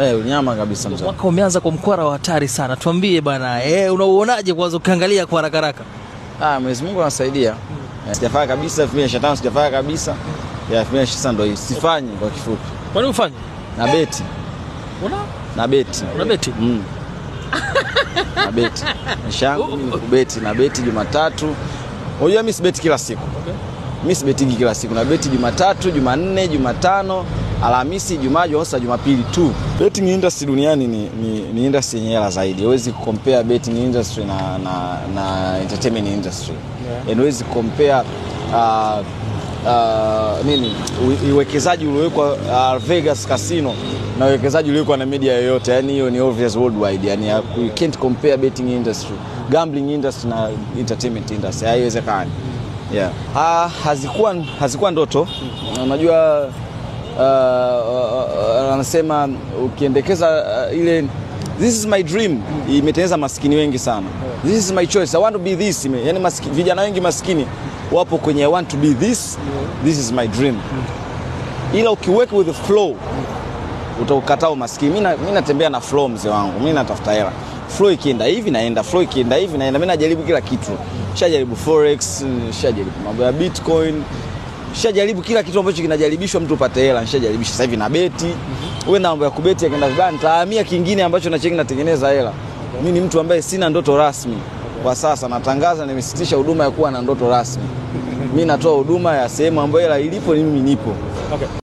Eh, hey, unyama kabisa mzee. Mwaka umeanza kwa mkwara wa hatari sana. Tuambie bana, eh, hey, unauonaje kwanza ukiangalia kwa haraka haraka? Ah, Mwenyezi Mungu anasaidia. Hmm. Eh, sijafanya kabisa 2025 sijafanya kabisa. Ya yeah, 2026 ndio hii. Sifanyi kwa kifupi. Kwa nini ufanye? Na beti. Una? Na beti. Una beti? Mm. na beti. Nishangu mimi kubeti na beti Jumatatu. Unajua mimi sibeti kila siku. Okay. Mimi sibetigi kila siku. Na beti Jumatatu, Jumanne, Jumatano. Alhamisi, Ijumaa, Jumamosi Jumapili tu. Betting industry duniani ni, ni, ni industry yenye hela zaidi. Huwezi kucompare betting industry na, na, na entertainment industry yeah. And Huwezi kucompare uh, Uh, nini uwekezaji uliowekwa uh, Vegas casino na uwekezaji uliowekwa na media yoyote, yani hiyo ni obvious worldwide, yani uh, you can't compare betting industry, gambling industry na entertainment industry, haiwezekani. Yeah. Ha, hazikuwa hazikuwa ndoto. Mm. Unajua Uh, uh, uh, anasema uh, ukiendekeza uh, ile this is my dream imetengeneza maskini wengi sana. This is my choice. I want to be this. Yani maskini, vijana wengi maskini wapo kwenye I want to be this. This is my dream. Ila ukiweka with the flow utaukataa umaskini. Mimi natembea na flow mzee wangu. Mimi natafuta hela. Flow ikienda hivi naenda, flow ikienda hivi naenda. Mimi najaribu kila kitu. Shajaribu forex, shajaribu mambo ya bitcoin, Nishajaribu kila kitu ambacho kinajaribishwa mtu upate hela, nishajaribisha. Sasa hivi na beti. Mm -hmm. Wewe na mambo ya kubeti yakaenda vibaya, nitahamia kingine ambacho na chengi natengeneza hela. Okay. Mimi ni mtu ambaye sina ndoto rasmi. Okay. Kwa sasa natangaza nimesitisha huduma ya kuwa na ndoto rasmi. Mimi natoa huduma ya sehemu ambayo hela ilipo ni mimi nipo. Okay.